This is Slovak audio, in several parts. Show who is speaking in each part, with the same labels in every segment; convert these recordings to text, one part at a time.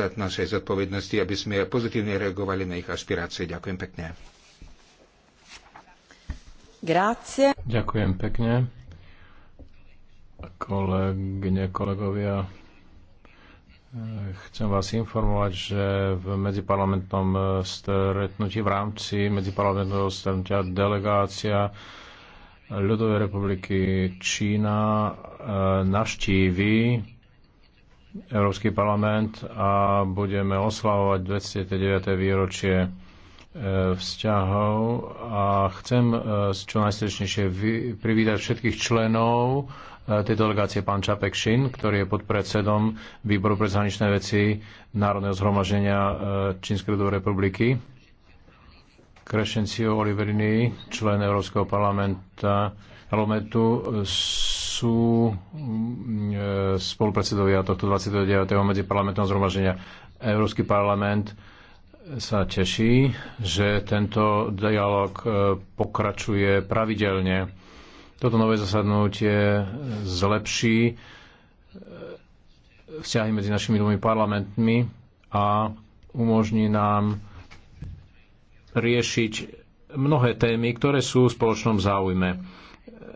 Speaker 1: štát našej zodpovednosti, aby sme pozitívne reagovali na ich aspirácie. Ďakujem pekne.
Speaker 2: Grácie. Ďakujem
Speaker 3: pekne. Kolegyne, kolegovia, Chcem vás informovať, že v medziparlamentnom stretnutí v rámci medziparlamentného stretnutia delegácia Ľudovej republiky Čína eh, navštívi Európsky parlament a budeme oslavovať 29. výročie e, vzťahov a chcem e, čo najstrečnejšie privítať všetkých členov e, tej delegácie pán Čapek Šin, ktorý je podpredsedom Výboru pre zahraničné veci Národného zhromaženia Čínskej ľudovej republiky. Krešencio Oliverini, člen Európskeho parlamenta, parlamentu, sú mm, e, spolupredsedovia tohto 29. medziparlamentného zhromaždenia. Európsky parlament sa teší, že tento dialog e, pokračuje pravidelne. Toto nové zasadnutie zlepší e, vzťahy medzi našimi dvomi parlamentmi a umožní nám riešiť mnohé témy, ktoré sú v spoločnom záujme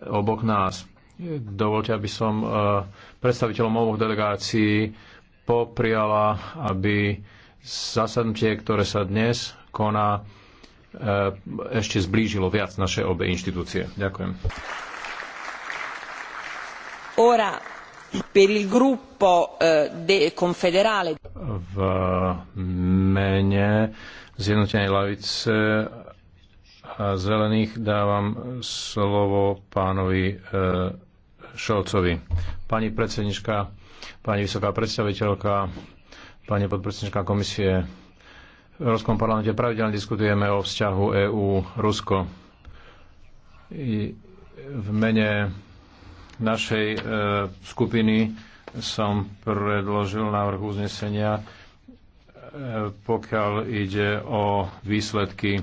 Speaker 3: obok nás. Dovolte, aby som e, predstaviteľom oboch delegácií popriala, aby zasadnutie, ktoré sa dnes koná, e, ešte zblížilo viac naše obe inštitúcie. Ďakujem.
Speaker 2: Ora per il gruppo e, de confederale.
Speaker 3: V mene zjednotenej lavice a zelených dávam slovo pánovi Šolcovi. Pani predsednička, pani vysoká predstaviteľka, pani podpredsednička komisie, v Európskom parlamente pravidelne diskutujeme o vzťahu EÚ-Rusko. V mene našej e, skupiny som predložil návrh uznesenia, e, pokiaľ ide o výsledky e,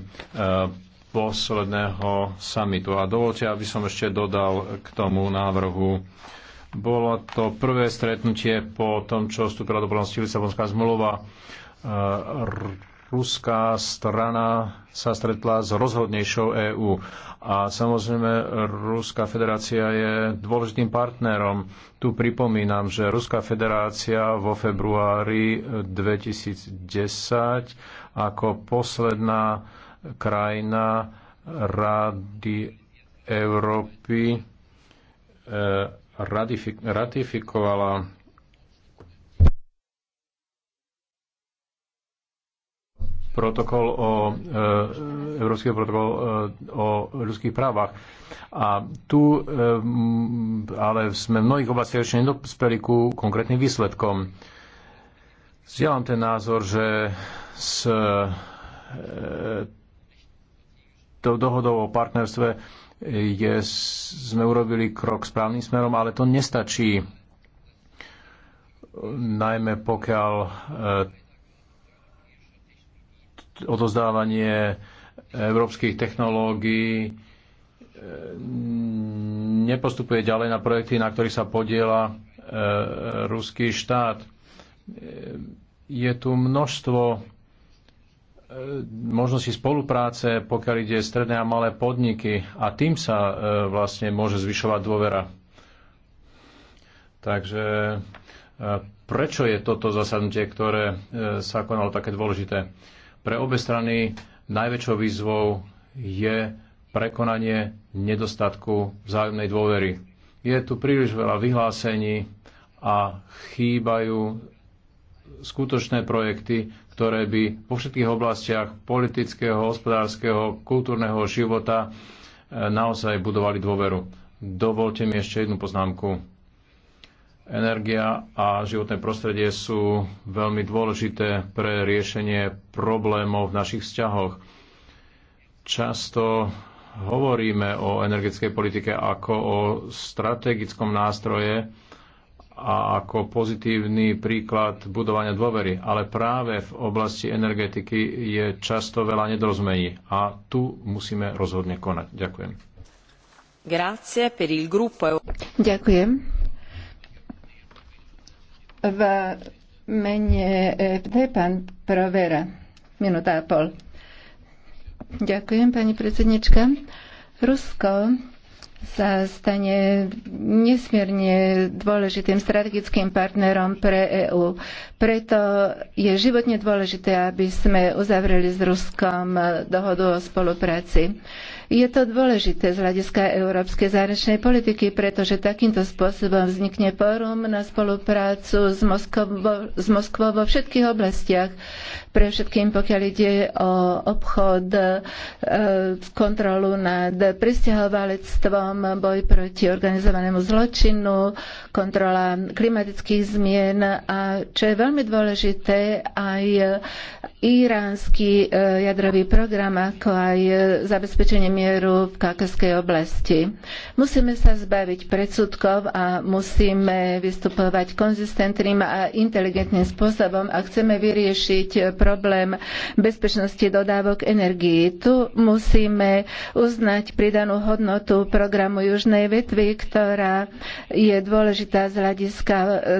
Speaker 3: posledného samitu. A dovolte, aby som ešte dodal k tomu návrhu. Bolo to prvé stretnutie po tom, čo vstúpila do plnosti Lisabonská zmluva. E, ruská strana sa stretla s rozhodnejšou EÚ. A samozrejme, Ruská federácia je dôležitým partnerom. Tu pripomínam, že Ruská federácia vo februári 2010 ako posledná krajina Rady Európy e, ratifikovala protokol o e, Európsky protokol e, o ľudských právach. A tu ale sme v mnohých oblastiach ešte nedospeli ku konkrétnym výsledkom. Zdieľam ten názor, že s tou dohodou o partnerstve je, sme urobili krok správnym smerom, ale to nestačí, najmä pokiaľ e, odozdávanie európskych technológií e, nepostupuje ďalej na projekty, na ktorých sa podiela e, ruský štát. E, je tu množstvo E, možnosti spolupráce, pokiaľ ide stredné a malé podniky a tým sa e, vlastne môže zvyšovať dôvera. Takže e, prečo je toto zasadnutie, ktoré sa konalo také dôležité? Pre obe strany najväčšou výzvou je prekonanie nedostatku vzájomnej dôvery. Je tu príliš veľa vyhlásení a chýbajú skutočné projekty, ktoré by vo všetkých oblastiach politického, hospodárskeho, kultúrneho života e, naozaj budovali dôveru. Dovolte mi ešte jednu poznámku. Energia a životné prostredie sú veľmi dôležité pre riešenie problémov v našich vzťahoch. Často hovoríme o energetickej politike ako o strategickom nástroje, a ako pozitívny príklad budovania dôvery. Ale práve v oblasti energetiky je často veľa nedorozmení a tu musíme rozhodne konať. Ďakujem.
Speaker 2: Grazie per il gruppo. Ďakujem. V mene FD pán Provera. Minúta a pol. Ďakujem, pani predsednička. Rusko sa stane nesmierne dôležitým strategickým partnerom pre EÚ. Preto je životne dôležité, aby sme uzavreli s Ruskom dohodu o spolupráci. Je to dôležité z hľadiska európskej zahraničnej politiky, pretože takýmto spôsobom vznikne fórum na spoluprácu s Moskvou, s Moskvou vo všetkých oblastiach. Pre všetkým, pokiaľ ide o obchod, e, kontrolu nad pristahovalectvom, boj proti organizovanému zločinu, kontrola klimatických zmien a čo je veľmi dôležité, aj iránsky e, jadrový program, ako aj e, zabezpečenie mieru v Kakaskej oblasti. Musíme sa zbaviť predsudkov a musíme vystupovať konzistentným a inteligentným spôsobom a chceme vyriešiť problém bezpečnosti dodávok energií. Tu musíme uznať pridanú hodnotu programu Južnej vetvy, ktorá je dôležitá z hľadiska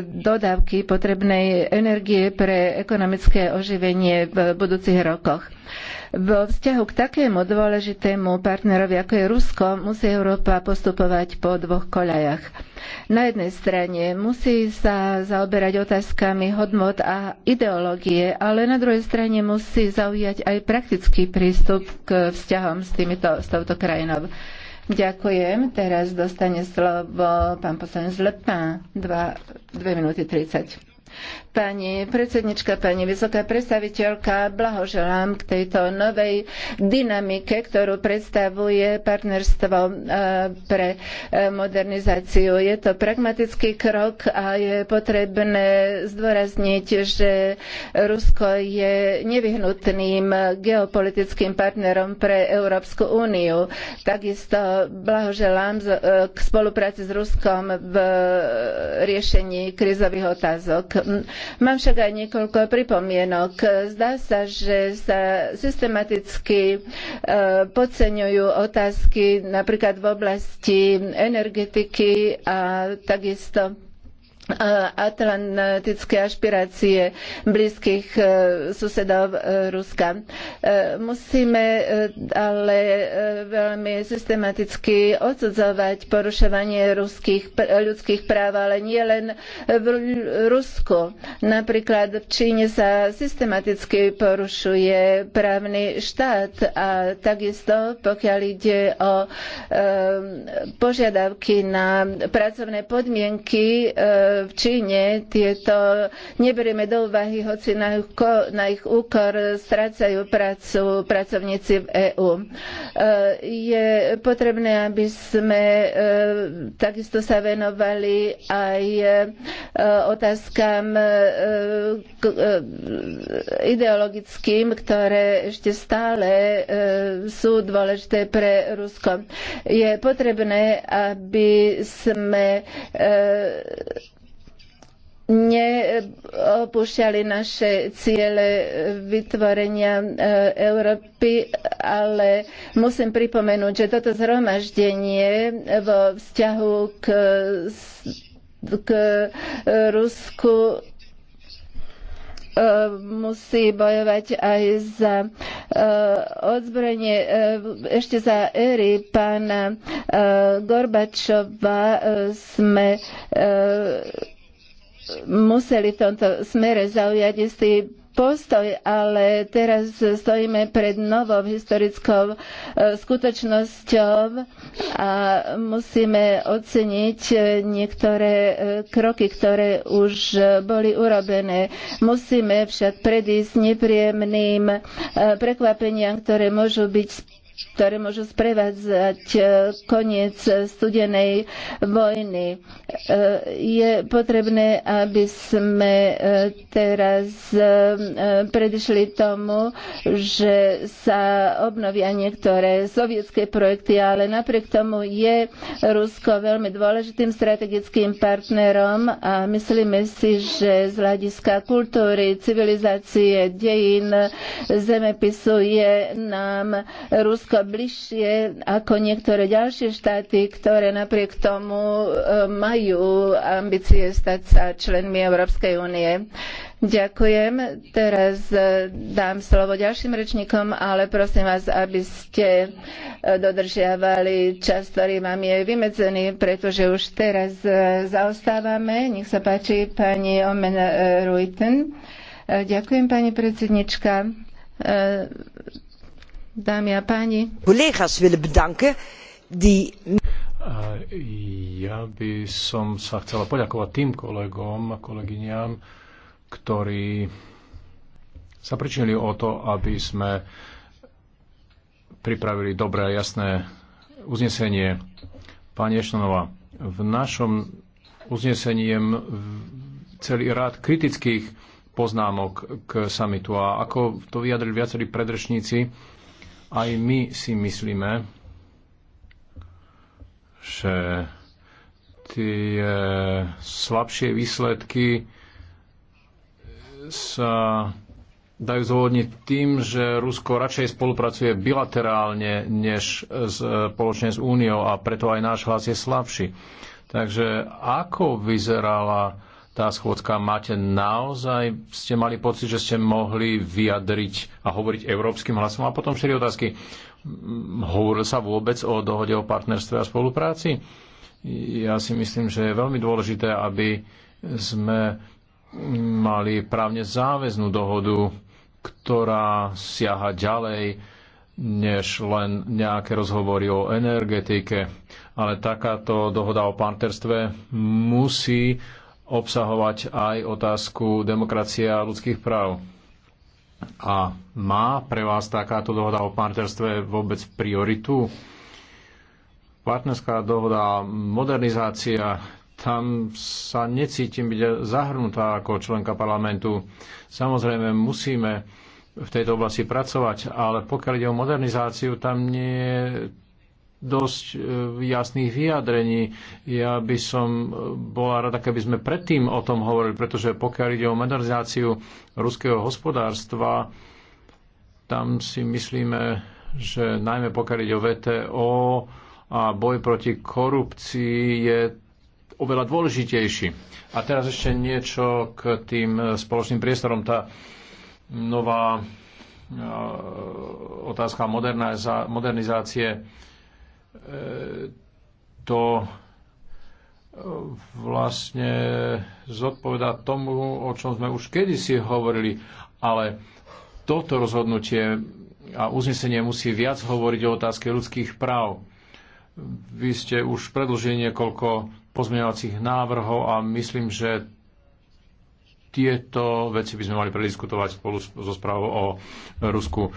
Speaker 2: dodávky potrebnej energie pre ekonomické oživenie v budúcich rokoch. Vo vzťahu k takému dôležitému partnerovi, ako je Rusko, musí Európa postupovať po dvoch koľajach. Na jednej strane musí sa zaoberať otázkami hodnot a ideológie, ale na druhej strane musí zaujať aj praktický prístup k vzťahom s, týmito, s touto krajinou. Ďakujem. Teraz dostane slovo pán poslanec Lepin. 2, minúty 30. Pani predsednička, pani vysoká predstaviteľka, blahoželám k tejto novej dynamike, ktorú predstavuje partnerstvo e, pre e, modernizáciu. Je to pragmatický krok a je potrebné zdôrazniť, že Rusko je nevyhnutným geopolitickým partnerom pre Európsku úniu. Takisto blahoželám e, k spolupráci s Ruskom v riešení krizových otázok Mám však aj niekoľko pripomienok. Zdá sa, že sa systematicky e, podceňujú otázky napríklad v oblasti energetiky a takisto atlantické ašpirácie blízkych e, susedov e, Ruska. E, musíme ale veľmi systematicky odsudzovať porušovanie ruských, ľudských práv, ale nie len v Rusku. Napríklad v Číne sa systematicky porušuje právny štát a takisto pokiaľ ide o požiadavky na pracovné podmienky v Číne, tieto neberieme do úvahy, hoci na, na ich úkor strácajú prácu pracovníci v EÚ. E, je potrebné, aby sme e, takisto sa venovali aj e, otázkam ideologickým, ktoré ešte stále sú dôležité pre Rusko. Je potrebné, aby sme neopúšťali naše ciele vytvorenia e, Európy, ale musím pripomenúť, že toto zhromaždenie vo vzťahu k, k Rusku e, musí bojovať aj za e, odzbrojenie. Ešte za éry pána Gorbačova sme museli v tomto smere zaujať istý postoj, ale teraz stojíme pred novou historickou e, skutočnosťou a musíme oceniť e, niektoré e, kroky, ktoré už boli urobené. Musíme však predísť nepríjemným prekvapeniam, ktoré môžu byť ktoré môžu sprevádzať e, koniec studenej vojny. E, je potrebné, aby sme e, teraz predišli tomu, že sa obnovia niektoré sovietské projekty, ale napriek tomu je Rusko veľmi dôležitým strategickým partnerom a myslíme si, že z hľadiska kultúry, civilizácie, dejín, zemepisu je nám Rusko Rusko bližšie ako niektoré ďalšie štáty, ktoré napriek tomu e, majú ambície stať sa členmi Európskej únie. Ďakujem. Teraz e, dám slovo ďalším rečníkom, ale prosím vás, aby ste e, dodržiavali čas, ktorý vám je vymedzený, pretože už teraz zaostávame. Nech sa páči pani Omen Ruiten. Ďakujem, pani predsednička dámy a páni.
Speaker 3: Ja by som sa chcela poďakovať tým kolegom a kolegyňam, ktorí sa pričinili o to, aby sme pripravili dobré a jasné uznesenie. Pani Eštonová, v našom uznesení je celý rád kritických poznámok k samitu a ako to vyjadrili viacerí predrečníci, aj my si myslíme, že tie slabšie výsledky sa dajú zôvodniť tým, že Rusko radšej spolupracuje bilaterálne než spoločne s Úniou a preto aj náš hlas je slabší. Takže ako vyzerala tá schôdzka. Máte naozaj, ste mali pocit, že ste mohli vyjadriť a hovoriť európskym hlasom? A potom štyri otázky. Mm, hovoril sa vôbec o dohode o partnerstve a spolupráci? Ja si myslím, že je veľmi dôležité, aby sme mali právne záväznú dohodu, ktorá siaha ďalej než len nejaké rozhovory o energetike. Ale takáto dohoda o partnerstve musí obsahovať aj otázku demokracie a ľudských práv. A má pre vás takáto dohoda o partnerstve vôbec prioritu? Partnerská dohoda, modernizácia, tam sa necítim byť zahrnutá ako členka parlamentu. Samozrejme, musíme v tejto oblasti pracovať, ale pokiaľ ide o modernizáciu, tam nie je dosť e, jasných vyjadrení. Ja by som e, bola rada, keby sme predtým o tom hovorili, pretože pokiaľ ide o modernizáciu ruského hospodárstva, tam si myslíme, že najmä pokiaľ ide o VTO a boj proti korupcii je oveľa dôležitejší. A teraz ešte niečo k tým spoločným priestorom. Tá nová e, otázka modernizácie E, to e, vlastne zodpoveda tomu, o čom sme už kedysi hovorili, ale toto rozhodnutie a uznesenie musí viac hovoriť o otázke ľudských práv. Vy ste už predložili niekoľko pozmeňovacích návrhov a myslím, že tieto veci by sme mali prediskutovať spolu so správou o Rusku.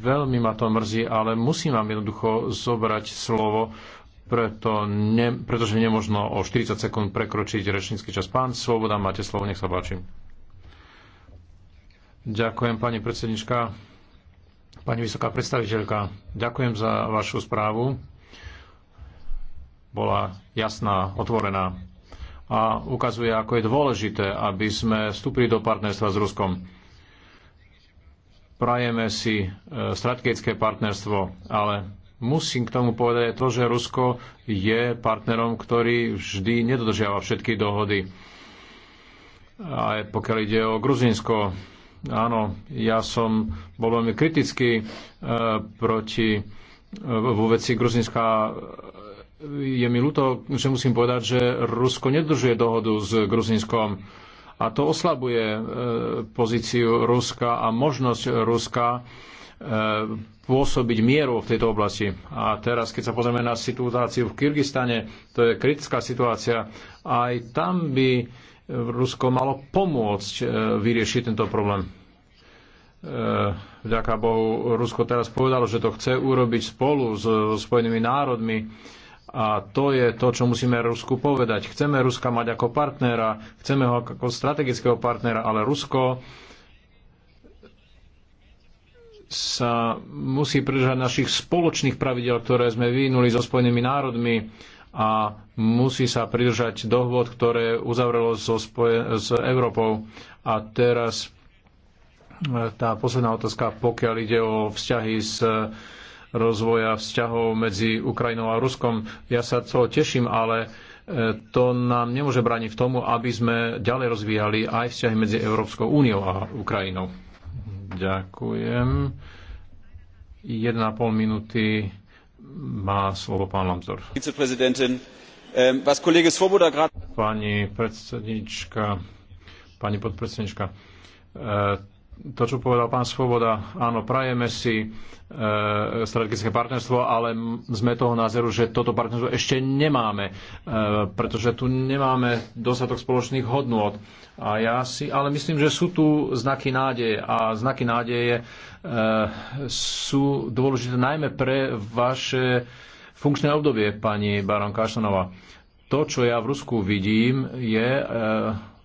Speaker 3: Veľmi ma to mrzí, ale musím vám jednoducho zobrať slovo, preto ne, pretože nemožno o 40 sekúnd prekročiť rečnícky čas. Pán Svoboda, máte slovo, nech sa páči. Ďakujem, pani predsednička. Pani vysoká predstaviteľka, ďakujem za vašu správu. Bola jasná, otvorená a ukazuje, ako je dôležité, aby sme vstúpili do partnerstva s Ruskom. Prajeme si e, strategické partnerstvo, ale musím k tomu povedať to, že Rusko je partnerom, ktorý vždy nedodržiava všetky dohody. A pokiaľ ide o Gruzinsko, áno, ja som bol veľmi kritický e, proti e, vo veci Gruzinska je mi ľúto, že musím povedať, že Rusko nedržuje dohodu s Gruzinskom a to oslabuje e, pozíciu Ruska a možnosť Ruska e, pôsobiť mieru v tejto oblasti. A teraz, keď sa pozrieme na situáciu v Kyrgyzstane, to je kritická situácia, aj tam by Rusko malo pomôcť e, vyriešiť tento problém. Vďaka Bohu, Rusko teraz povedalo, že to chce urobiť spolu so Spojenými národmi a to je to, čo musíme Rusku povedať. Chceme Ruska mať ako partnera, chceme ho ako strategického partnera, ale Rusko sa musí pridržať našich spoločných pravidel, ktoré sme vyvinuli so Spojenými národmi a musí sa pridržať dohôd, ktoré uzavrelo so spoje- s Európou. A teraz e, tá posledná otázka, pokiaľ ide o vzťahy s rozvoja vzťahov medzi Ukrajinou a Ruskom. Ja sa toho teším, ale e, to nám nemôže brániť v tomu, aby sme ďalej rozvíjali aj vzťahy medzi Európskou úniou a Ukrajinou. Ďakujem. 1,5 minúty má slovo pán Lamzor. Pani predsednička, pani podpredsednička, e, to, čo povedal pán Svoboda, áno, prajeme si e, strategické partnerstvo, ale sme toho názoru, že toto partnerstvo ešte nemáme, e, pretože tu nemáme dostatok spoločných hodnôt. A ja si, ale myslím, že sú tu znaky nádeje a znaky nádeje e, sú dôležité najmä pre vaše funkčné obdobie, pani Baron Kašanova. To, čo ja v Rusku vidím, je e,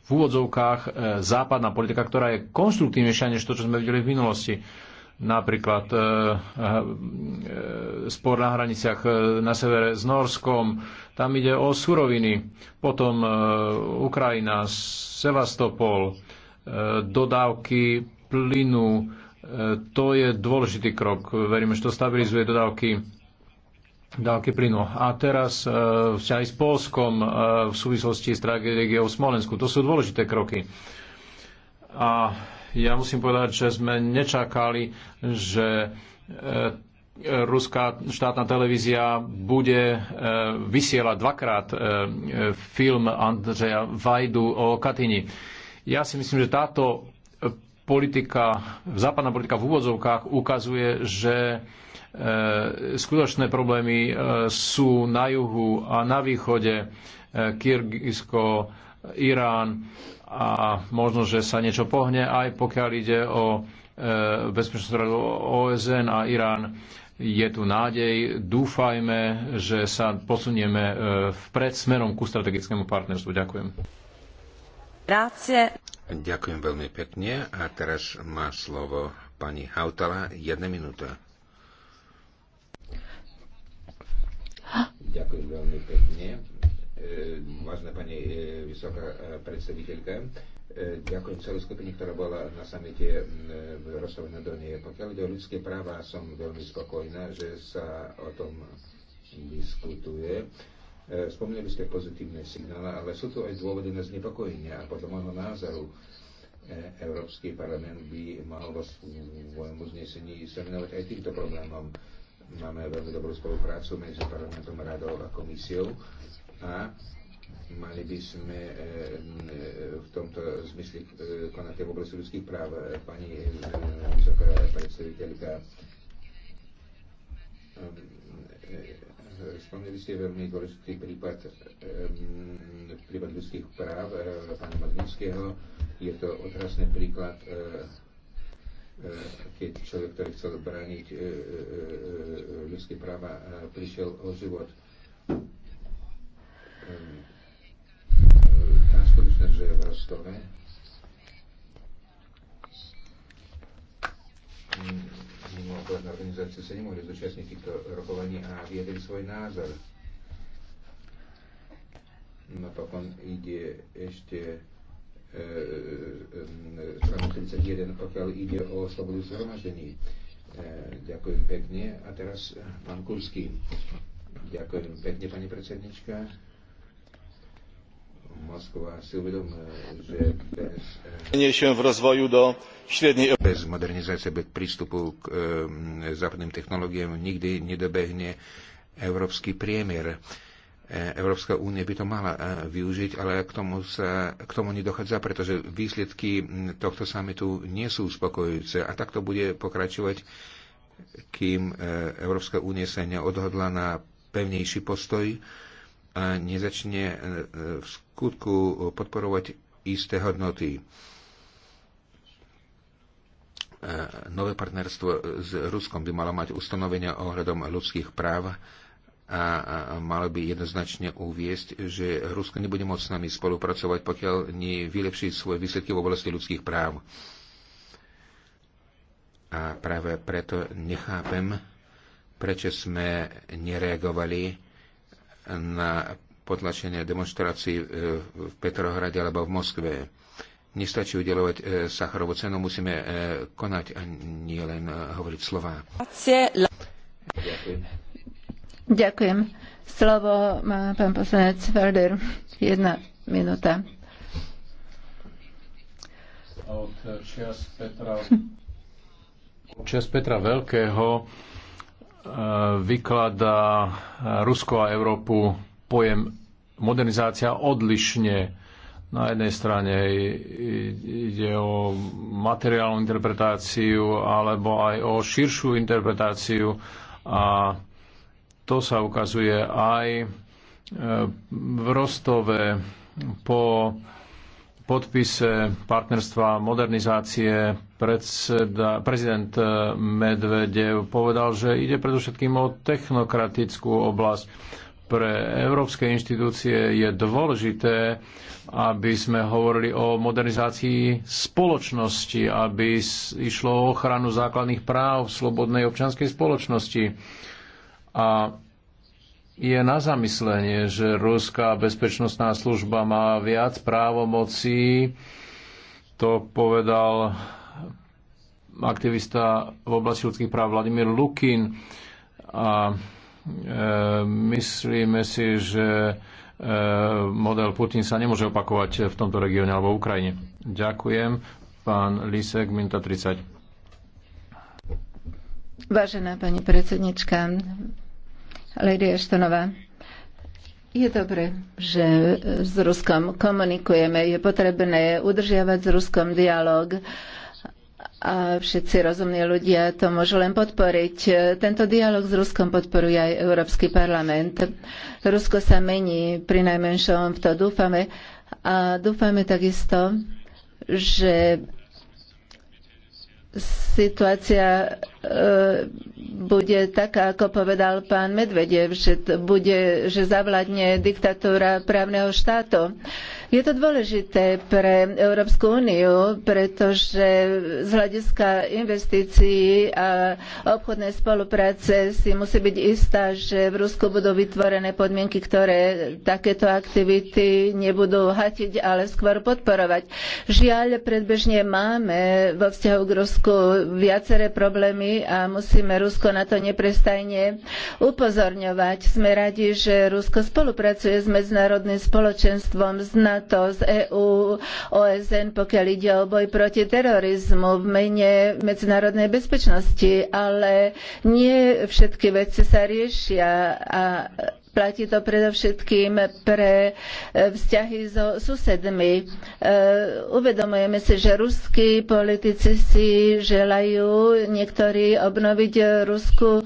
Speaker 3: v úvodzovkách e, západná politika, ktorá je konstruktívnejšia než to, čo sme videli v minulosti. Napríklad e, e, spor na hraniciach na severe s Norskom, tam ide o suroviny, potom Ukrajina, Sevastopol, dodávky plynu, to je dôležitý krok. Veríme, že to stabilizuje dodávky dávky plynu. A teraz e, vzťahy s Polskom e, v súvislosti s tragédiou v Smolensku. To sú dôležité kroky. A ja musím povedať, že sme nečakali, že e, ruská štátna televízia bude vysielať dvakrát film Andreja Vajdu o Katyni. Ja si myslím, že táto politika, západná politika v úvodzovkách ukazuje, že E, skutočné problémy e, sú na juhu a na východe, e, Kyrgyzsko, Irán a možno, že sa niečo pohne, aj pokiaľ ide o bezpečnosť radu OSN a Irán. Je tu nádej, dúfajme, že sa posunieme vpred smerom ku strategickému partnerstvu. Ďakujem. Grazie. Ďakujem veľmi pekne a teraz
Speaker 1: má slovo pani Hautala. Jedna minúta. Ďakujem veľmi pekne. E, Vážená pani e, vysoká e, predstaviteľka, ďakujem celej skupine, ktorá bola na samite v Rostove na Donie. Pokiaľ ide o ľudské práva, som veľmi spokojná, že sa o tom diskutuje. Spomínali ste pozitívne signály, ale sú tu aj dôvody na znepokojenie a podľa môjho názoru Európsky parlament by mal vo svojom uznesení sa venovať aj týmto problémom. Máme veľmi dobrú spoluprácu medzi parlamentom, radou a komisiou a mali by sme eh, eh, v tomto zmysle eh, konať v oblasti ľudských práv. Pani vysoká predstaviteľka, ehm, Spomneli ste veľmi dôležitý prípad, ehm, prípad ľudských práv pána Magnického. Je to otrasný príklad Eh, keď človek, ktorý chcel brániť eh, eh, ľudské práva, prišiel o život. Tam skutočne, že je v Rostove, mm, mimovládne organizácie sa nemohli zúčastniť týchto rokovaní a viedli svoj názor. Napokon ide ešte článok 31, pokiaľ ide o slobodu zhromaždení. E, ďakujem pekne. A teraz e, pán Kurský. Ďakujem pekne, pani predsednička. Moskva si uvedom, že bez,
Speaker 3: e, v rozvoju do średniej...
Speaker 1: bez modernizácie, bez prístupu k e, západným technológiám nikdy nedobehne európsky priemier. E, Európska únia by to mala e, využiť, ale k tomu, sa, k tomu nedochádza, pretože výsledky tohto samitu nie sú uspokojujúce a takto bude pokračovať, kým e, Európska únie sa neodhodla na pevnejší postoj a nezačne e, v skutku podporovať isté hodnoty. Nové partnerstvo s Ruskom by malo mať ustanovenia ohľadom ľudských práv a mal by jednoznačne uviesť, že Rusko nebude môcť s nami spolupracovať, pokiaľ vylepší svoje výsledky v oblasti ľudských práv. A práve preto nechápem, prečo sme nereagovali na potlačenie demonstrácií e, v Petrohrade alebo v Moskve. Nestačí udelovať e, Sacharovú cenu, musíme e, konať a nielen len hovoriť slova. Ďakujem.
Speaker 2: Ďakujem. Slovo má pán poslanec Felder. Jedna minúta.
Speaker 3: Od čias Petra, od čias Petra Veľkého e, vykladá e, Rusko a Európu pojem modernizácia odlišne. Na jednej strane ide o materiálnu interpretáciu alebo aj o širšiu interpretáciu a to sa ukazuje aj e, v Rostove po podpise partnerstva modernizácie predseda, prezident e, Medvedev povedal, že ide predovšetkým o technokratickú oblasť. Pre európske inštitúcie je dôležité, aby sme hovorili o modernizácii spoločnosti, aby išlo o ochranu základných práv v slobodnej občianskej spoločnosti a je na zamyslenie, že ruská bezpečnostná služba má viac právomocí, to povedal aktivista v oblasti ľudských práv Vladimír Lukin. A e, myslíme si, že e, model Putin sa nemôže opakovať v tomto regióne alebo v Ukrajine. Ďakujem. Pán Lisek, minta 30.
Speaker 2: Vážená pani predsednička, Lady Ashtonová. Je dobre, že s Ruskom komunikujeme. Je potrebné udržiavať s Ruskom dialog a všetci rozumní ľudia to môžu len podporiť. Tento dialog s Ruskom podporuje aj Európsky parlament. Rusko sa mení, pri najmenšom v to dúfame. A dúfame takisto, že situácia bude taká, ako povedal pán Medvedev, že, bude, že zavladne diktatúra právneho štátu. Je to dôležité pre Európsku úniu, pretože z hľadiska investícií a obchodnej spolupráce si musí byť istá, že v Rusku budú vytvorené podmienky, ktoré takéto aktivity nebudú hatiť, ale skôr podporovať. Žiaľ, predbežne máme vo vzťahu k Rusku viaceré problémy, a musíme Rusko na to neprestajne upozorňovať. Sme radi, že Rusko spolupracuje s medzinárodným spoločenstvom, s NATO, s EÚ, OSN, pokiaľ ide o boj proti terorizmu v mene medzinárodnej bezpečnosti, ale nie všetky veci sa riešia a Platí to predovšetkým pre e, vzťahy so susedmi. E, uvedomujeme si, že ruskí politici si želajú niektorí obnoviť Rusku, e,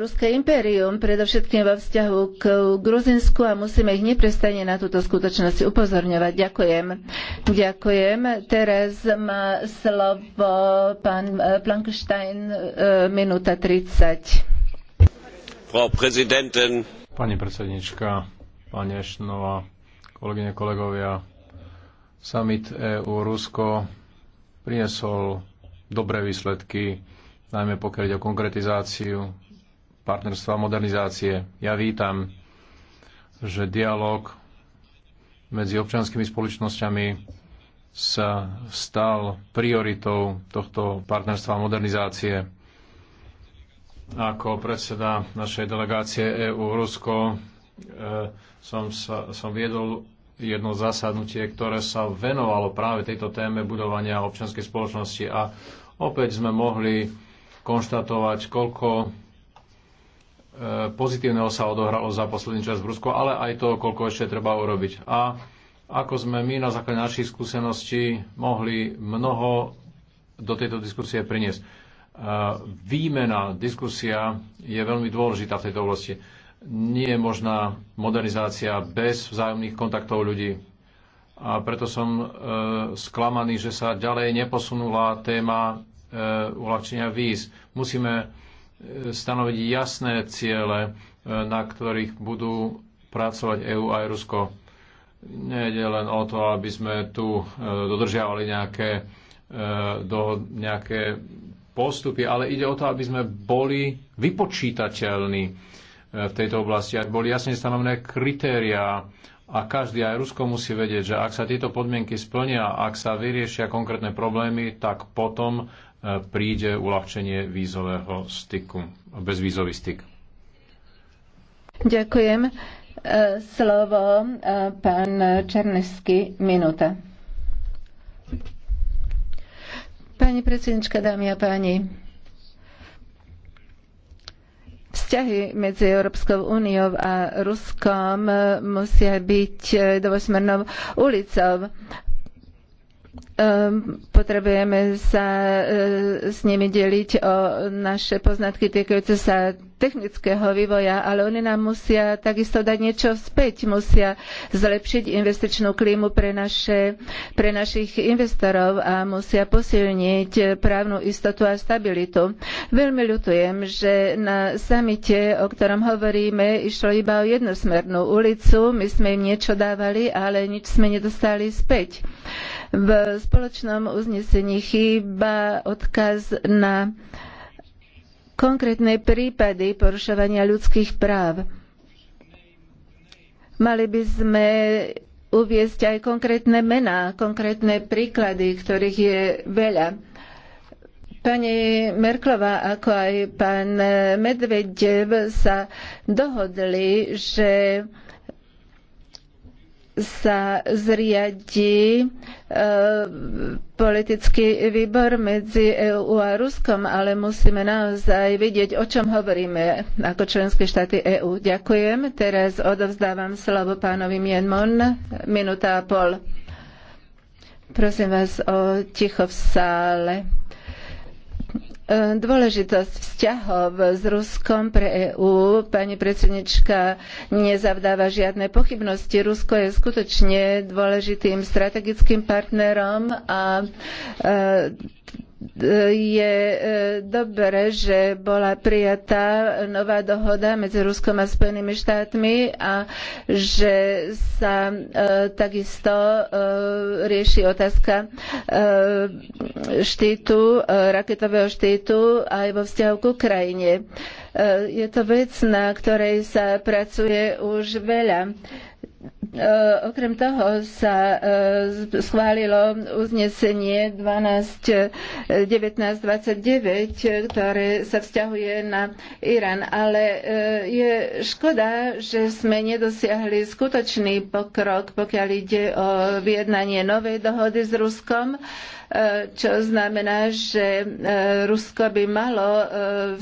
Speaker 2: ruské impérium, predovšetkým vo vzťahu k Gruzinsku a musíme ich neprestane na túto skutočnosť upozorňovať. Ďakujem. Ďakujem. Teraz má slovo pán Plankenstein, minúta 30. Frau Präsidentin,
Speaker 3: Pani predsednička, pani Ešnova, kolegyne, kolegovia, summit EU-Rusko priniesol dobré výsledky, najmä pokiaľ ide o konkretizáciu partnerstva a modernizácie. Ja vítam, že dialog medzi občianskými spoločnosťami sa stal prioritou tohto partnerstva a modernizácie ako predseda našej delegácie EU Rusko e, som, sa, som viedol jedno zasadnutie, ktoré sa venovalo práve tejto téme budovania občianskej spoločnosti a opäť sme mohli konštatovať, koľko e, pozitívneho sa odohralo za posledný čas v Rusku, ale aj to, koľko ešte treba urobiť. A ako sme my na základe našich skúseností mohli mnoho do tejto diskusie priniesť výmena, diskusia je veľmi dôležitá v tejto oblasti. Nie je možná modernizácia bez vzájomných kontaktov ľudí. A preto som e, sklamaný, že sa ďalej neposunula téma e, uľahčenia víz. Musíme e, stanoviť jasné ciele, e, na ktorých budú pracovať EÚ aj Rusko. Nejde len o to, aby sme tu e, dodržiavali nejaké, e, do, nejaké postupy, ale ide o to, aby sme boli vypočítateľní e, v tejto oblasti, aby boli jasne stanovené kritériá a každý, aj Rusko musí vedieť, že ak sa tieto podmienky splnia, ak sa vyriešia konkrétne problémy, tak potom e, príde uľahčenie vízového styku, bezvízový styk.
Speaker 2: Ďakujem. E, slovo pán Černesky, minúta. Pani predsednička, dámy a páni, Vzťahy medzi Európskou úniou a Ruskom musia byť dvojsmernou ulicou Ehm, potrebujeme sa eh, s nimi deliť o naše poznatky týkajúce sa technického vývoja, ale oni nám musia takisto dať niečo späť, musia zlepšiť investičnú klímu pre, naše, pre našich investorov a musia posilniť právnu istotu a stabilitu. Veľmi ľutujem, že na samite, o ktorom hovoríme, išlo iba o jednosmernú ulicu, my sme im niečo dávali, ale nič sme nedostali späť. V spoločnom uznesení chýba odkaz na konkrétne prípady porušovania ľudských práv. Mali by sme uviezť aj konkrétne mená, konkrétne príklady, ktorých je veľa. Pani Merklová, ako aj pán Medvedev sa dohodli, že sa zriadi e, politický výbor medzi EU a Ruskom, ale musíme naozaj vidieť, o čom hovoríme ako členské štáty EÚ. Ďakujem. Teraz odovzdávam slovo pánovi Mienmon. Minúta a pol. Prosím vás o ticho v sále. Dôležitosť vzťahov s Ruskom pre EÚ, pani predsednička, nezavdáva žiadne pochybnosti. Rusko je skutočne dôležitým strategickým partnerom a e, je e, dobré, že bola prijatá nová dohoda medzi Ruskom a Spojenými štátmi a že sa e, takisto e, rieši otázka štítu, raketového štítu aj vo vzťahu k Ukrajine. Je to vec, na ktorej sa pracuje už veľa Eh, okrem toho sa eh, schválilo uznesenie 12.19.29, ktoré sa vzťahuje na Irán, ale eh, je škoda, že sme nedosiahli skutočný pokrok, pokiaľ ide o vyjednanie novej dohody s Ruskom čo znamená, že Rusko by malo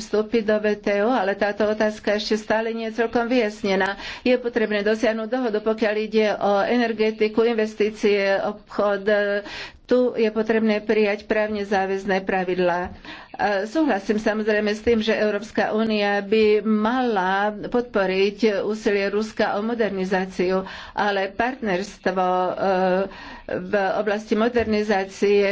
Speaker 2: vstúpiť do VTO, ale táto otázka ešte stále nie je celkom vyjasnená. Je potrebné dosiahnuť dohodu, pokiaľ pokiaľ ide o energetiku, investície, obchod, tu je potrebné prijať právne záväzné pravidlá. E, súhlasím samozrejme s tým, že Európska únia by mala podporiť úsilie Ruska o modernizáciu, ale partnerstvo e, v oblasti modernizácie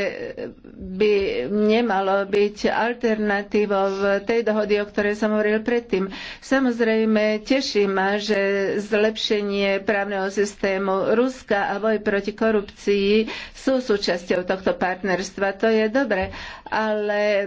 Speaker 2: by nemalo byť alternatívou tej dohody, o ktorej som hovoril predtým. Samozrejme, teší ma, že zlepšenie právneho systému Ruska a boj proti korupcii sú súčasť súčasťou tohto partnerstva. To je dobre, ale eh,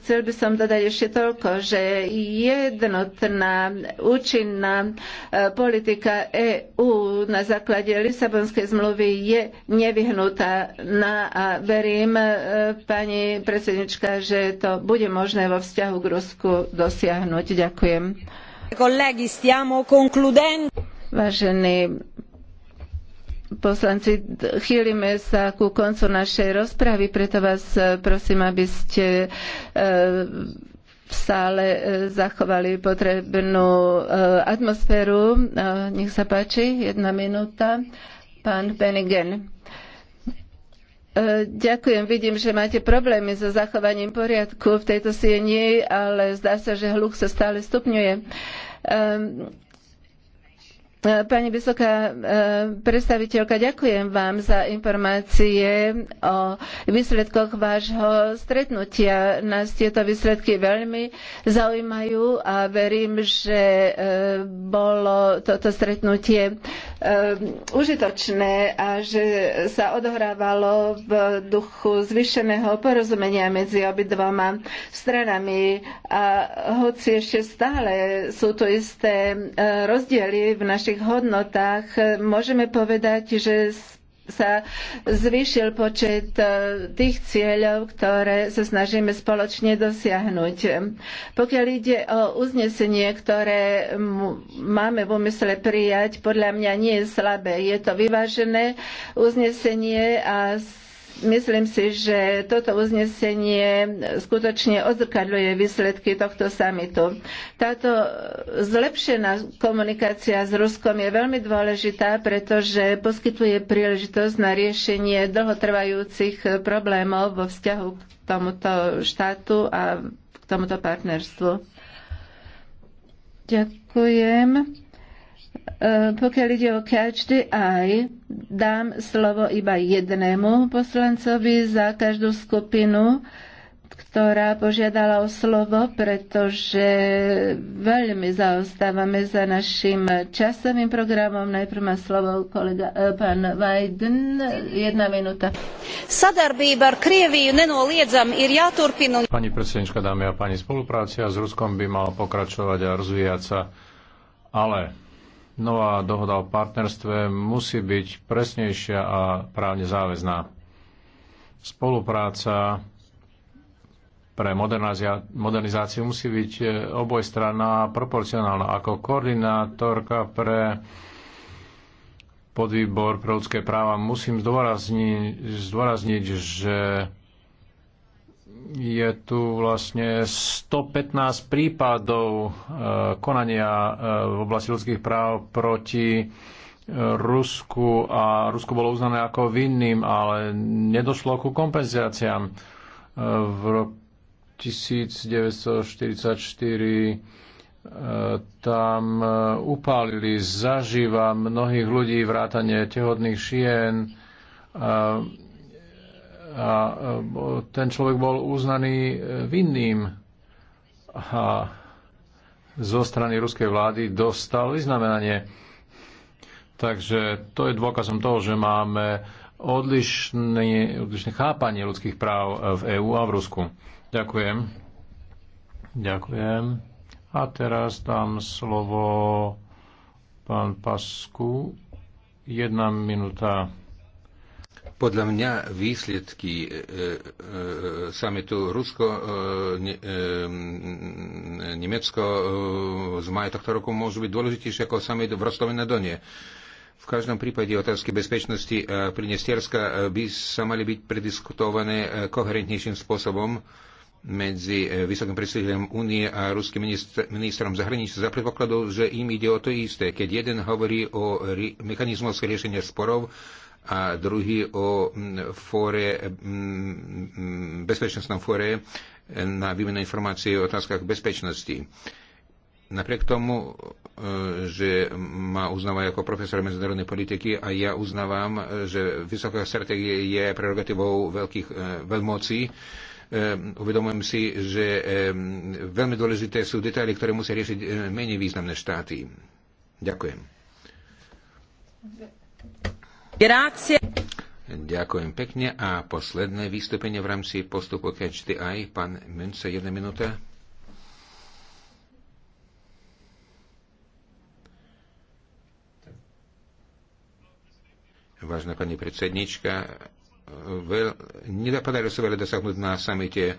Speaker 2: chcel by som dodať ešte toľko, že jednotná účinná eh, politika EÚ na základe Lisabonskej zmluvy je nevyhnutá. Na, no a verím, eh, pani predsednička, že to bude možné vo vzťahu k Rusku dosiahnuť. Ďakujem. Kolegi, stiamo concludendo. Vážení poslanci, chýlime sa ku koncu našej rozpravy, preto vás e, prosím, aby ste e, v sále e, zachovali potrebnú atmosféru. Nech sa páči, jedna minúta. Pán Benigen. Ďakujem, vidím, že máte problémy so zachovaním poriadku v tejto sieni, ale zdá sa, že hluk sa stále stupňuje Pani vysoká e, predstaviteľka, ďakujem vám za informácie o výsledkoch vášho stretnutia. Nás tieto výsledky veľmi zaujímajú a verím, že e, bolo toto stretnutie e, užitočné a že sa odohrávalo v duchu zvýšeného porozumenia medzi obidvoma stranami. A hoci ešte stále sú tu isté rozdiely v našich našich hodnotách môžeme povedať, že sa zvýšil počet e, tých cieľov, ktoré sa snažíme spoločne dosiahnuť. Pokiaľ ide o uznesenie, ktoré máme v úmysle prijať, podľa mňa nie je slabé. Je to vyvážené uznesenie a Myslím si, že toto uznesenie skutočne odzrkadľuje výsledky tohto samitu. Táto zlepšená komunikácia s Ruskom je veľmi dôležitá, pretože poskytuje príležitosť na riešenie dlhotrvajúcich problémov vo vzťahu k tomuto štátu a k tomuto partnerstvu. Ďakujem. Eh, pokiaľ ide o catch the eye, dám slovo iba jednému poslancovi za každú skupinu, ktorá požiadala o slovo, pretože veľmi zaostávame za našim časovým programom. Najprv má slovo kolega, eh, pán Vajden. Jedna minúta. Sadarbība ar nenoliedzam ir turpinu.
Speaker 3: Pani predsednička, dámy a páni, spolupráca s Ruskom by mala pokračovať a rozvíjať sa, ale nová dohoda o partnerstve musí byť presnejšia a právne záväzná. Spolupráca pre modernizáciu musí byť e, obojstranná a proporcionálna. Ako koordinátorka pre podvýbor pre ľudské práva musím zdôrazniť, zdôrazniť že je tu vlastne 115 prípadov e, konania e, v oblasti ľudských práv proti e, Rusku a Rusko bolo uznané ako vinným, ale nedošlo ku kompenzáciám. V roku 1944 tam upálili zaživa mnohých ľudí, vrátane tehodných šien a e, ten človek bol uznaný e, vinným a zo strany ruskej vlády dostal vyznamenanie. Takže to je dôkazom toho, že máme odlišné, odlišné chápanie ľudských práv e, v EÚ a v Rusku. Ďakujem. Ďakujem. A teraz dám slovo pán Pasku. Jedna minúta. Podľa mňa výsledky e, e, e samitu
Speaker 1: Rusko, e, e Nemecko e, z maja tohto roku môžu byť dôležitejšie ako summit v Rostove na Donie. V každom prípade otázky bezpečnosti a Prinestierska e, by sa mali byť prediskutované koherentnejším spôsobom medzi vysokým predstaviteľom únie a ruským ministrom zahraničia za predpokladov, že im ide o to isté. Keď jeden hovorí o ri- mechanizmoch riešenia sporov, a druhý o fóre, bezpečnostnom fóre na výmenu informácií o otázkach bezpečnosti. Napriek tomu, e, že ma uznáva ako profesor medzinárodnej politiky a ja uznávam, že vysoká stratégia je prerogatívou veľkých e, veľmocí, e, uvedomujem si, že veľmi dôležité sú detaily, ktoré musia riešiť menej významné štáty. Ďakujem. Grazie. Ďakujem pekne. A posledné vystúpenie v rámci postupu Catch the Eye. Pán Münce, jedna minúta. Vážna pani predsednička, veľ, nedopadalo sa veľa dosiahnuť na samite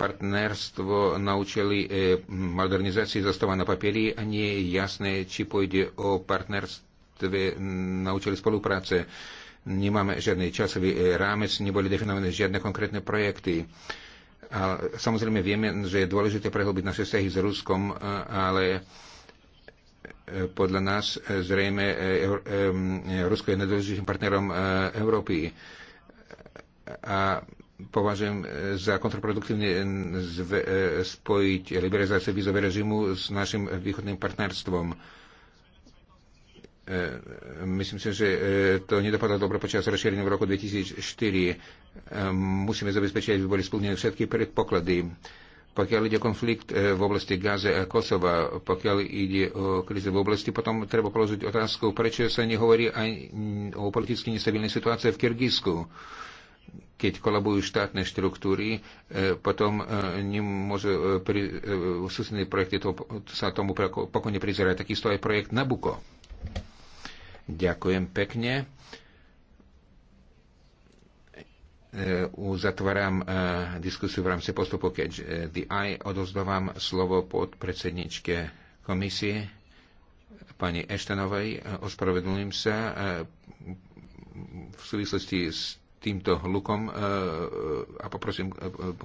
Speaker 1: partnerstvo naučili eh, modernizácii zostáva na papieri a nie je jasné, či pôjde o partnerstvo dve naučili spolupráce. Nemáme žiadny časový e, rámec, neboli definované žiadne konkrétne projekty. A samozrejme vieme, že je dôležité prehlbiť naše vzťahy s Ruskom, ale e, podľa nás e, zrejme Rusko je najdôležitejším partnerom Európy. A považujem za kontraproduktívne spojiť liberalizáciu vízového režimu s našim východným partnerstvom E, myslím si, že e, to nedopadlo dobre počas rozšírenia v roku 2004. E, musíme zabezpečiť, aby boli splnené všetky predpoklady. Pokiaľ ide o konflikt v oblasti Gaze a Kosova, pokiaľ ide o krízu v oblasti, potom treba položiť otázku, prečo sa nehovorí aj o politicky nestabilnej situácii v Kyrgyzsku. Keď kolabujú štátne štruktúry, potom nemôžu pri susedné projekty to, sa tomu pokojne prizerať. Takisto aj projekt Nabuko. Ďakujem pekne. E, uzatváram e, diskusiu v rámci postupu, keď DI e, odozdávam slovo pod predsedničke komisie pani Eštanovej. Ospravedlňujem sa v súvislosti s týmto hlukom a poprosím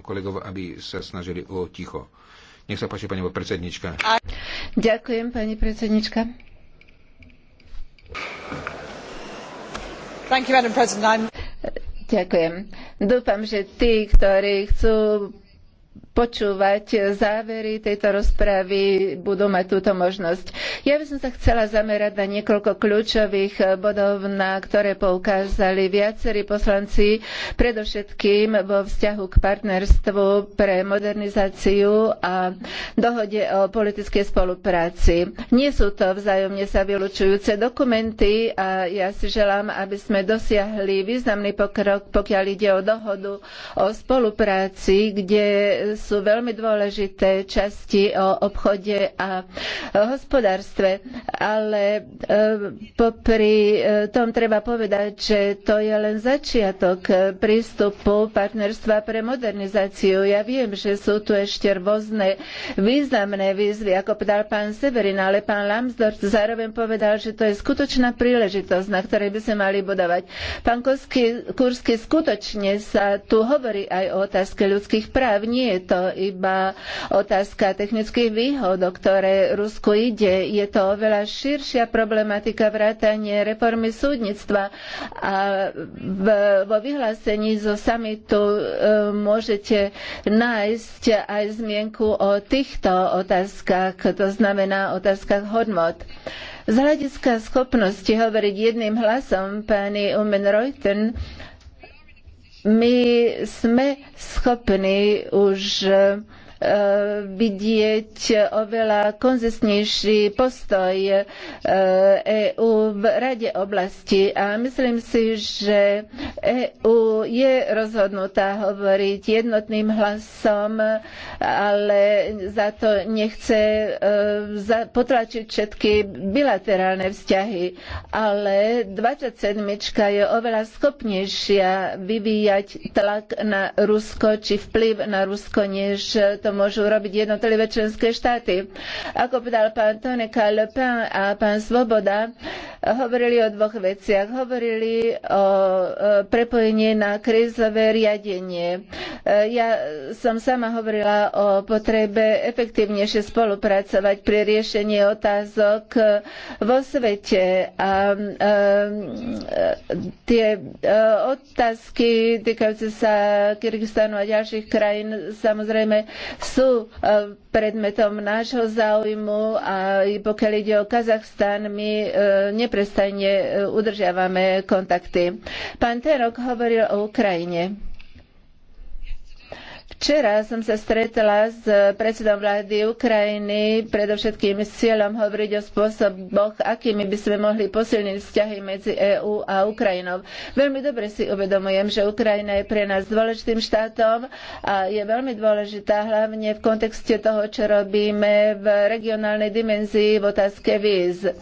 Speaker 1: kolegov, aby sa snažili o ticho. Nech sa páči, pani predsednička.
Speaker 2: Ďakujem, pani predsednička. Thank you, Madam President. I'm... Ďakujem. Dúfam, že tí, ktorí chcú počúvať závery tejto rozpravy, budú mať túto možnosť. Ja by som sa chcela zamerať na niekoľko kľúčových bodov, na ktoré poukázali viacerí poslanci, predovšetkým vo vzťahu k partnerstvu pre modernizáciu a dohode o politickej spolupráci. Nie sú to vzájomne sa vylučujúce dokumenty a ja si želám, aby sme dosiahli významný pokrok, pokiaľ ide o dohodu o spolupráci, kde sú veľmi dôležité časti o obchode a hospodárstve, ale e, popri e, tom treba povedať, že to je len začiatok prístupu partnerstva pre modernizáciu. Ja viem, že sú tu ešte rôzne významné výzvy, ako povedal pán Severin, ale pán Lambsdorff zároveň povedal, že to je skutočná príležitosť, na ktorej by sme mali budovať. Pán Kursky, Kursky skutočne sa tu hovorí aj o otázke ľudských práv. Nie je je to iba otázka technických výhod, o ktoré Rusku ide. Je to oveľa širšia problematika vrátanie reformy súdnictva a v, vo vyhlásení zo samitu e, môžete nájsť aj zmienku o týchto otázkach, to znamená otázkach hodnot. Z hľadiska schopnosti hovoriť jedným hlasom pani Umen Reuten my sme schopní už Eh, vidieť oveľa konzistnejší postoj EÚ eh, e v rade oblasti a myslím si, že EÚ je rozhodnutá hovoriť jednotným hlasom, ale za to nechce eh, potlačiť všetky bilaterálne vzťahy. Ale 27. je oveľa schopnejšia vyvíjať tlak na Rusko či vplyv na Rusko, než to to môžu robiť jednotlivé členské štáty. Ako povedal pán Tonika Lepin a pán Svoboda, hovorili o dvoch veciach. Hovorili o prepojení na krizové riadenie. Ja som sama hovorila o potrebe efektívnejšie spolupracovať pri riešení otázok vo svete a e, e, tie e, otázky týkajúce sa Kyrgyzstanu a ďalších krajín samozrejme sú e, predmetom nášho záujmu a pokiaľ ide o Kazachstan, my e, neprestajne e, udržiavame kontakty. Pán Terok hovoril o Ukrajine. Včera som sa stretla s predsedom vlády Ukrajiny, predovšetkým s cieľom hovoriť o spôsoboch, akými by sme mohli posilniť vzťahy medzi EÚ a Ukrajinou. Veľmi dobre si uvedomujem, že Ukrajina je pre nás dôležitým štátom a je veľmi dôležitá hlavne v kontexte toho, čo robíme v regionálnej dimenzii v otázke víz. E,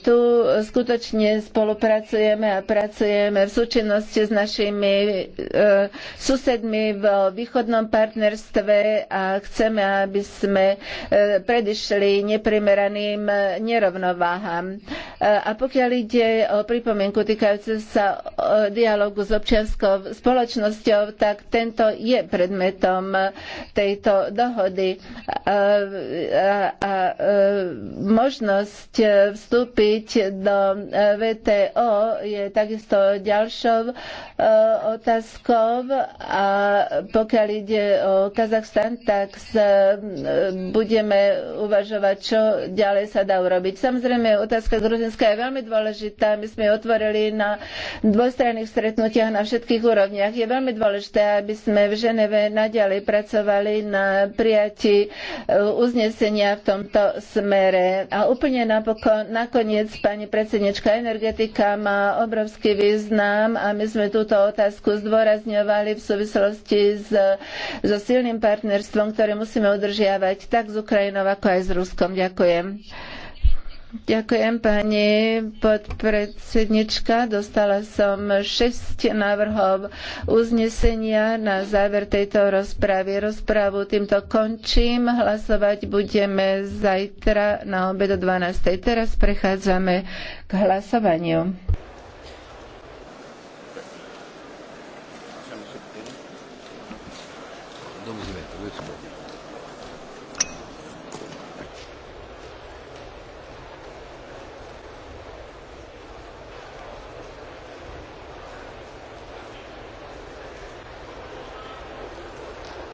Speaker 2: tu skutočne spolupracujeme a pracujeme v súčinnosti s našimi e, susedmi v východnej obchodnom partnerstve a chceme, aby sme e, predišli neprimeraným e, nerovnováham. E, a pokiaľ ide o pripomienku týkajúcu sa dialogu s občianskou spoločnosťou, tak tento je predmetom tejto dohody. A, a, a možnosť vstúpiť do VTO je takisto ďalšou otázkou a pokiaľ ide o Kazachstan, tak sa e, budeme uvažovať, čo ďalej sa dá urobiť. Samozrejme, otázka Gruzinska je veľmi dôležitá. My sme ju otvorili na dvojstranných stretnutiach na všetkých úrovniach. Je veľmi dôležité, aby sme v Ženeve naďalej pracovali na prijati e, uznesenia v tomto smere. A úplne napokon, nakoniec, pani predsednička, energetika má obrovský význam a my sme túto otázku zdôrazňovali v súvislosti s so silným partnerstvom, ktoré musíme udržiavať tak s Ukrajinou, ako aj s Ruskom. Ďakujem. Ďakujem pani podpredsednička. Dostala som 6 návrhov uznesenia na záver tejto rozpravy. Rozpravu týmto končím. Hlasovať budeme zajtra na obed o 12. Teraz prechádzame k hlasovaniu.